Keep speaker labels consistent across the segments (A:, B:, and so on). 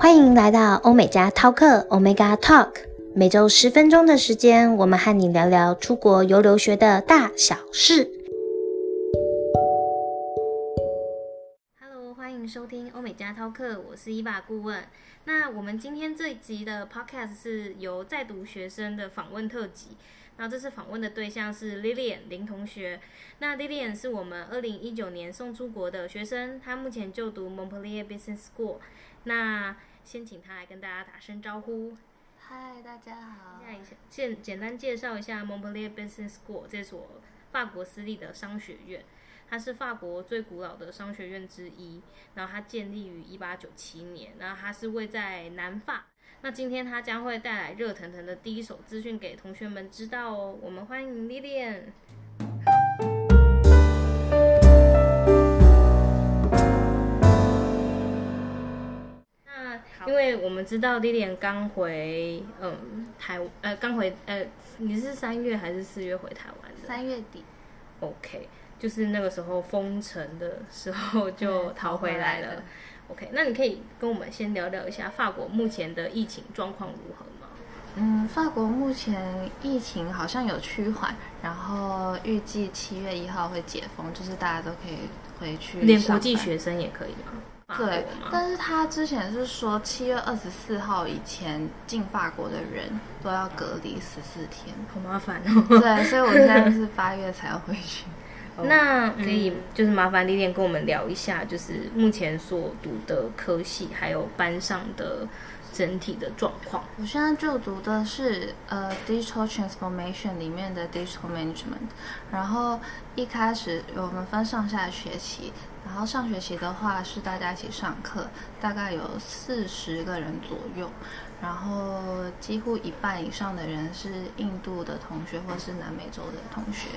A: 歡迎來到歐美加 Talk，Omega Talk，每周十分鐘的時間，我們和你聊聊出國遊留學的大小事。Hello，歡迎收聽歐美加 Talk，、er, 我是伊爸顧問。那我們今天這一集的 Podcast 是由在讀學生的訪問特輯。那這次訪問的對象是 Lillian 林同學。那 Lillian 是我們二零一九年送出國的學生，她目前就讀 Montpellier Business School。那先請他來跟大家打聲招呼。
B: 嗨，大家好。現在一
A: 下，簡簡單介紹一下 Montpellier Business School 這所法國私立的商學院。它是法國最古老的商學院之一，然後它建立於一八九七年，然後它是位在南法。那今天他將會帶來熱騰騰的第一手資訊給同學們知道哦。我們歡迎莉莉安。因為我們知道 Lillian 剛回，嗯，台灣，呃，剛回，呃，你是三月還是四月回台灣的？三月底。OK，就是那個時候封城的時候就逃回來了。來了 OK，那你可以跟我們先聊聊一下法國目前的疫情狀況如何嗎？嗯，
B: 法國目前疫情好像有趨緩，然後預計七月一號會解封，就是大家都可以回去。連國際學生也可以嗎？對，啊、但是他之前是說七月二十四號以前進法國的人都要隔離十四天，好麻煩哦！對，所以我現在就是八月才要回去。
A: oh, 那可以、嗯、就是麻煩 Lillian 跟我們聊一下，就是目前所讀的科系，還有
B: 班上的。整體的狀況，我現在就讀的是呃 Digital Transformation 裡面的 Digital Management。然後一開始我們分上下學期，然後上學期的話是大家一起上課，大概有四十個人左右，然後幾乎一半以上的人是印度的同學，或是南美洲的同學。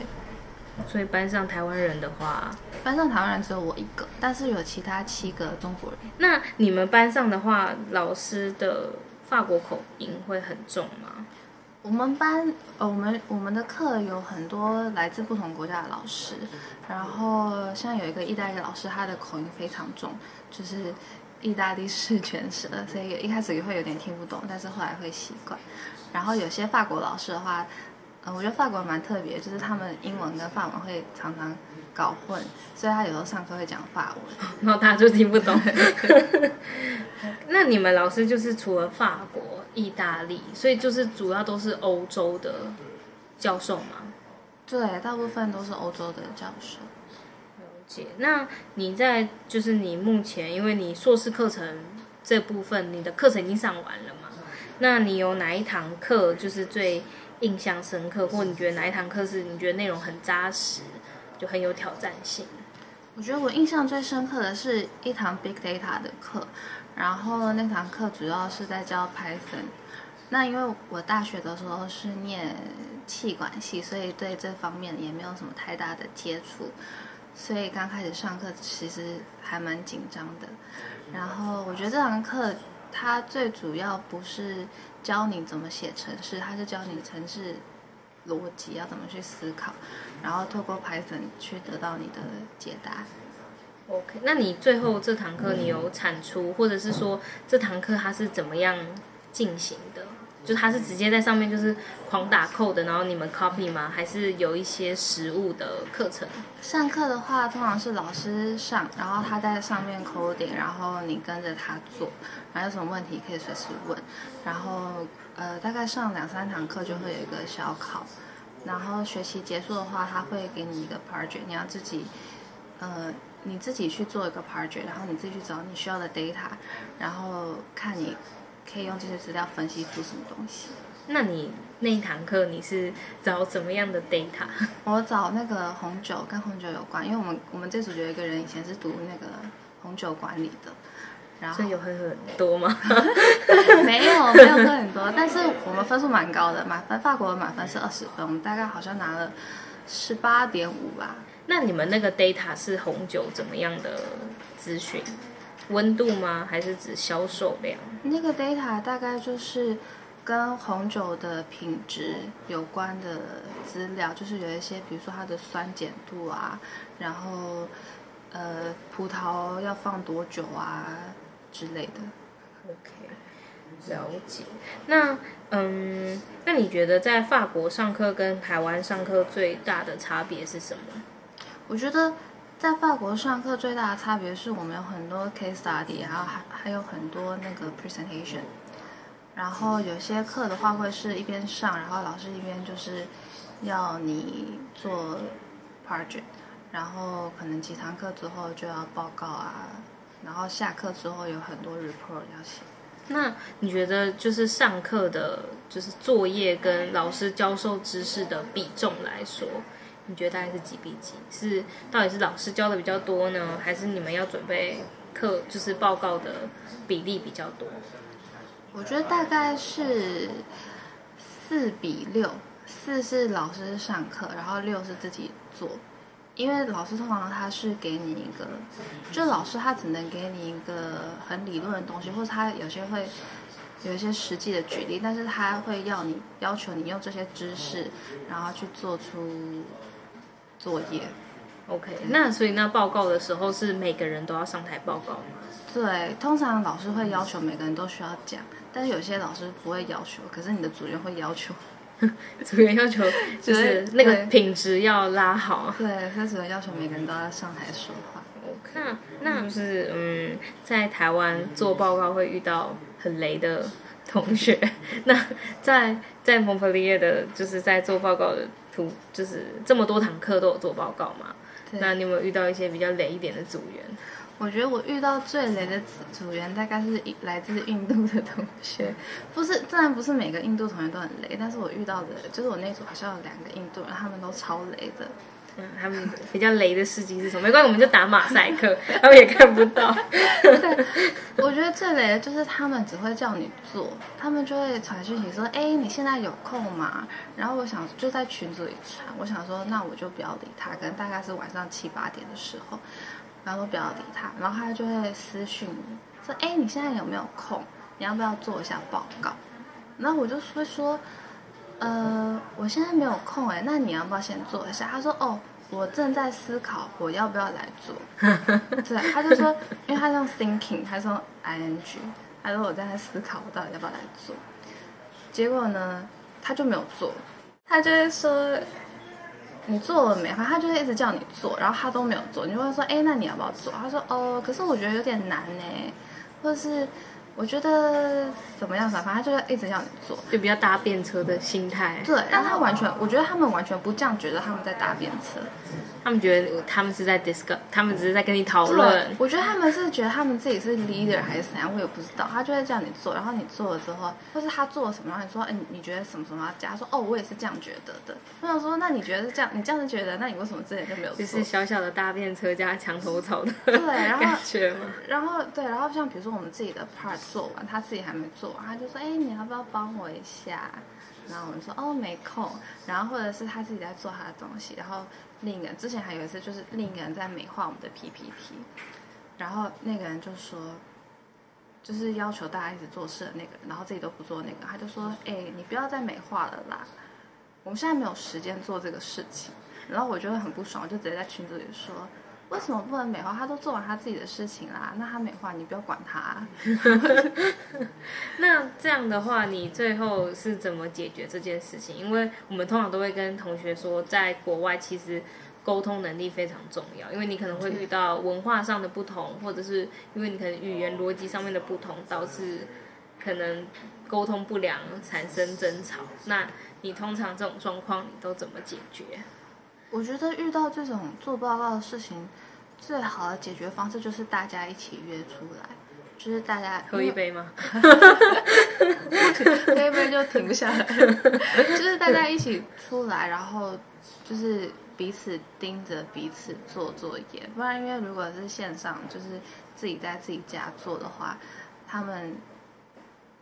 B: 所以班上台灣人的話，班上台灣人只有我一個，但是有其他七個中國人。那你們班上的話，
A: 老師的法國口音會很重嗎？
B: 我們班呃，我們我們的課有很多來自不同國家的老師，然後像有一個意大利的老師，他的口音非常重，就是意大利式全舌，所以一開始也會有點聽不懂，但是後來會習慣。然後有些法國老師的話，呃，我覺得法國蠻特別，就是他們英文跟法文會常常搞混，所以他有時候上課會講法文，
A: 然後他就聽不懂。 Okay. 那你們老師就是除了法國、意大利，所以就是主要都是歐洲的教授嗎？
B: 對，大部分都是歐洲的教授。了
A: 解。那你在就是你目前，因為你碩士課程這部分，你的課程已經上完了嗎？Okay. 那你有哪一堂課就是最？印象深刻，或你覺得哪一堂課是你覺得內容很扎實，就很有挑戰
B: 性？我覺得我印象最深刻的是一堂 Big Data 的課，然後那堂課主要是在教 Python。那因為我大學的時候是念企管系，所以對這方面也沒有什麼太大的接觸，所以剛開始上課其實還蠻緊張的。然後我覺得這堂課它最主要不是教你怎麼寫程式，它是教你的程式邏輯要怎麼去思考，然後透過 Python 去得到你的解答。
A: OK，那你最後這堂課你有產出，嗯、或者是說、嗯、這堂課它是怎麼樣進行的？就他是直接在上面就是狂打 code，然後你們 copy 嗎？還是有一些實務的課程？
B: 上課的話，通常是老師上，然後他在上面 coding，然後你跟着他做，然後有什麼問題可以隨時問。然後呃，大概上兩三堂課就會有一個小考，然後學期結束的話，他會給你一個 project，你要自己呃你自己去做一個 project，然後你自己去找你需要的 data，然後看你。可以用這些資料分析出什麼東西？那你
A: 那一堂課你是找什麼樣的 data？
B: 我找那個紅酒，跟紅酒有關，因為我們我們這組有一個人以前是讀那個紅酒管理的，然後所以有很很多嗎？ 沒有沒有很多， 但是我們分數蠻高的，滿分法國的滿分是二十分，我們大概好像拿了十八點五吧。那你們那個
A: data 是紅酒怎麼樣的諮詢？溫度嗎？還是指銷
B: 售量？那個 data 大概就是跟紅酒的品質有關的資料，就是有一些，比如說它的酸鹼度啊，然後呃，葡萄要放多久啊之類的。OK，了解。那嗯，那你覺得在
A: 法國上課跟台灣上課最大的差別是什麼？
B: 我覺得。在法國上課最大的差別是我們有很多 case study，然後還還有很多那個 presentation，然後有些課的話會是一邊上，然後老師一邊就是要你做 project，然後可能幾堂課之後就要報告啊，然後下課之後有很多 report 要寫。
A: 那你覺得就是上課的，就是作業跟老師教授知識的比重來說？你覺得大概是幾比幾？是到底是老師教的比較多呢，還是你們要準備課就是報告的比例比較多？
B: 我覺得大概是四比六，四是老師上課，然後六是自己做。因為老師通常他是給你一個，就老師他只能給你一個很理論的東西，或者他有些會有一些實際的舉例，但是他會要你，要求你用這些知識，然後去做出。作業，OK 對。那
A: 所以那報告的時候是每個人都要上台報告嗎？
B: 對，通常老師會要求每個人都需要講，但是有些老師不會要求，可是你的組員會要求。組 員要求就是對那個品質要拉好。對，他只能要求每個人都要上台說話。
A: OK。那就是嗯，在台灣做報告會遇到很雷的同學，是 那在在 Montpellier 的就是在做報告的。就是這麼多堂課都有做報告嘛？對那你有沒有遇到一些比較雷一點的組員？
B: 我覺得我遇到最雷的組員大概是來自印度的同學。不是，雖然不是每個印度同學都很雷，但是我遇到的就是我那組好像有兩個印度人，他們都超雷的。嗯，他們比較雷的事情是什麼？沒關係，我們就打馬賽克， 他們也看不到。我覺得最雷的就是他們只會叫你做，他們就會傳訊息說：“哎、欸，你現在有空嗎？”然後我想就在群組裡傳，我想說那我就不要理他。可能大概是晚上七八點的時候，然後都不要理他，然後他就會私訊你，說：“哎、欸，你現在有沒有空？你要不要做一下報告？”那我就會說。呃，我現在沒有空哎，那你要不要先做一下？他說，哦，我正在思考我要不要來做。對，他就說，因為他是用 thinking，他是用 ing，他說我正在思考我到底要不要來做。結果呢，他就沒有做，他就會說你做了沒？反正他就是一直叫你做，然後他都沒有做。你就會說，哎，那你要不要做？他說，哦、呃，可是我覺得有點難呢，或是。我覺得怎麼樣子啊？反正他就是一直要你做，就比較搭便車的心態。對，但他完全，然後，我覺得他們完全不這樣，覺得他們在搭便車，他們覺得他們是在
A: discuss，他們只是在跟你討論。
B: 我覺得他們是覺得他們自己是 leader 還是怎樣，我也不知道。他就在叫你做，然後你做了之後，或是他做了什麼，你說，哎，你覺得什麼什麼啊？假如說，哦，我也是這樣覺得的。我想說，那你覺得是這樣，你這樣子覺得，那你為什麼之前就沒有做？就是
A: 小小的搭便車加牆頭草的，對，然後，感覺嗎？
B: 然後對，然後像比如說我們自己的 part。做完他自己還沒做完，他就說：“哎、欸，你要不要幫我一下？”然後我們說：“哦，沒空。”然後或者是他自己在做他的東西。然後另一個人之前還有一次，就是另一個人在美化我們的 PPT，然後那個人就說：“就是要求大家一直做事的那個人，然後自己都不做那個。”他就說：“哎、欸，你不要再美化了啦，我們現在沒有時間做這個事情。”然後我覺得很不爽，我就直接在群組裡說。為什麼不能美化？他都做完他自己的事情啦，那他美化你不要管他
A: 啊。 那這樣的話，你最後是怎麼解決這件事情？因為我們通常都會跟同學說，在國外其實溝通能力非常重要，因為你可能會遇到文化上的不同，或者是因為你可能語言邏輯上面的不同，導致可能溝通不良，產生爭吵。那你通常這種狀況，你都怎麼解決？
B: 我覺得遇到這種做報告的事情，最好的解決方式就是大家一起約出來，就是大家喝一杯嗎？喝 停 一杯就停不下來， 就是大家一起出來，然後就是彼此盯着彼此做作業。不然，因為如果是線上，就是自己在自己家做的話，他們。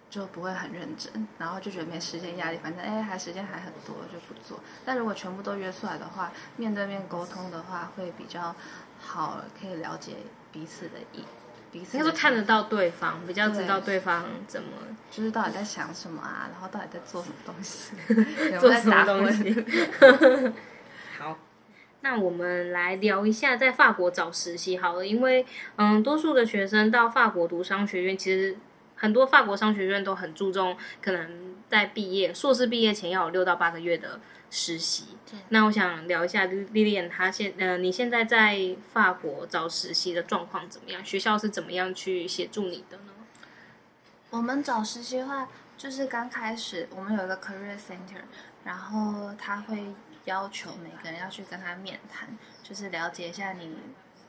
B: 就不會很認真，然後就覺得沒時間壓力，反正哎還，時間還很多就不做。但如果全部都約出來的話，面對面溝通的話會比較好，可以了解彼此的意思，彼此能夠看得到對方，比較知道對方怎麼就是到底在想什麼啊，然後到底在做什麼東西， 做什麼東西。
A: 好，那我們來聊一下在法國找實習好了，因為嗯，多數的學生到法國讀商學院其實。很多法國商學院都很注重，可能在畢業，碩士畢業前要有六到八個月的實習。對那我想聊一下 Lillian，她現呃，你現在在法國找實習的狀況怎麼樣？學校是怎麼樣去協助你的呢？
B: 我們找實習的話，就是剛開始我們有一個 career center，然後他會要求每個人要去跟他面談，就是了解一下你。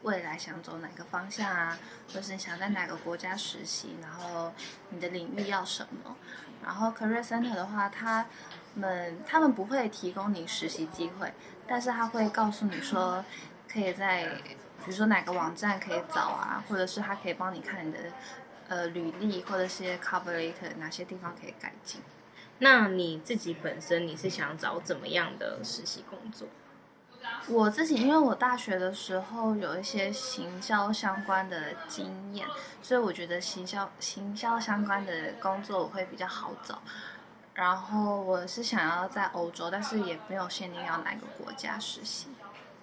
B: 未來想走哪個方向啊？或者是想在哪個國家實習？然後你的領域要什麼？然後 career center 的話，他們他們不會提供你實習機會，但是他會告訴你說，可以在比如說哪個網站可以找啊，或者是他可以幫你看你的呃履歷或者是 cover letter 哪些地方可以改進。
A: 那你自己本身你是想找怎麼樣的實習工作？
B: 我自己，因為我大學的時候有一些行銷相關的經驗，所以我覺得行銷行銷相關的工作我會比較好找。然後我是想要在歐洲，但是也沒有限定要哪個國家實習。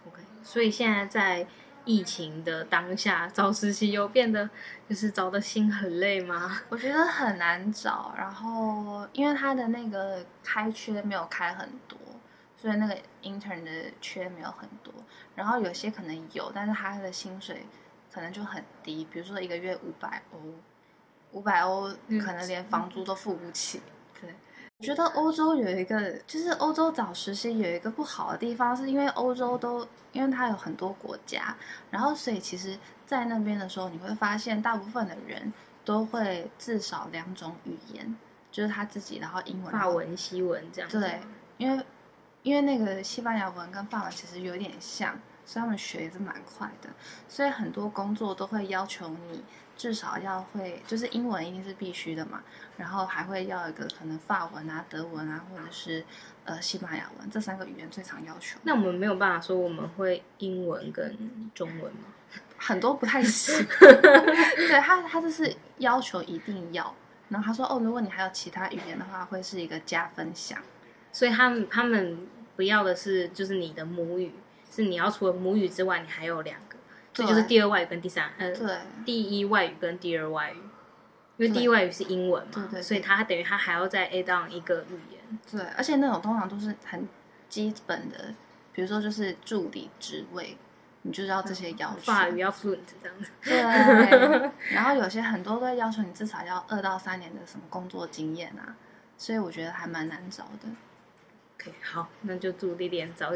B: OK。所以現在在
A: 疫情的當下，找實習又變得就是找的心很累嗎？
B: 我覺得很難找。然後因為他的那個開缺沒有開很多。所以那個 intern 的缺沒有很多，然後有些可能有，但是他的薪水可能就很低，比如說一個月五百歐，五百歐可能連房租都付不起。嗯、對，對我覺得歐洲有一個，就是歐洲找實習有一個不好的地方，是因為歐洲都、嗯、因為它有很多國家，然後所以其實在那邊的時候，你會發現大部分的人都會至少兩種語言，就是他自己，然後英文、法文、西文這樣。對，因為。因為那個西班牙文跟法文其實有點像，所以他們學也是蠻快的。所以很多工作都會要求你至少要會，就是英文一定是必須的嘛。然後還會要一個可能法文啊、德文啊，或者是呃西班牙文這三個語言最常要求。那我們沒有辦法說我們會英文跟中文嗎？很多不太行。對，他他就是要求一定要。然後他說，哦，如果你還有其他語言的話，會是一個加分項。所以他們
A: 他們不要的是就是你的母語，是你要除了母語之外，你還有兩個，這對就是第二外語跟第三，嗯、呃，對，第一外語跟第二外語，因為第一
B: 外語是英文嘛，對，對對，所以他等於他還要再 add on 一個語言，對，而且那種通常都是很基本的，比如說就是助理職位，你就要這些要求，嗯、法語要 fluent 這樣子，對， 然後有些很多都要求你至少要二到三年的什麼工作經驗啊，所以我覺得還蠻難找的。OK，好，那就祝莉莉安早，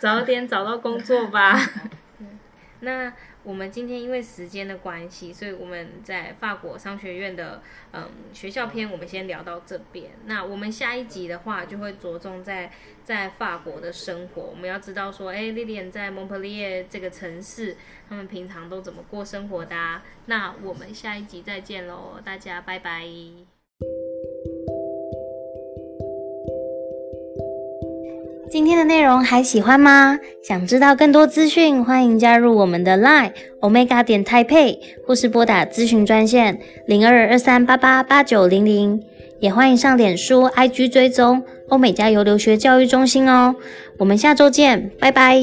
B: 早點找到工作吧。
A: 那我們今天因為時間的關係，所以我們在法國商學院的嗯學校篇，我們先聊到這邊。那我們下一集的話，就會着重在在法國的生活。我們要知道說，哎、欸，莉莉安在蒙彼利埃這個城市，他們平常都怎麼過生活的、啊？那我們下一集再見嘍，大家拜拜。今天的內容還喜歡嗎？想知道更多資訊，歡迎加入我們的 LINE Omega.taipei，或是撥打諮詢專線零二二三八八八九零零，也歡迎上臉書、IG 追蹤歐美加遊留學教育中心哦。我們下周見，拜拜。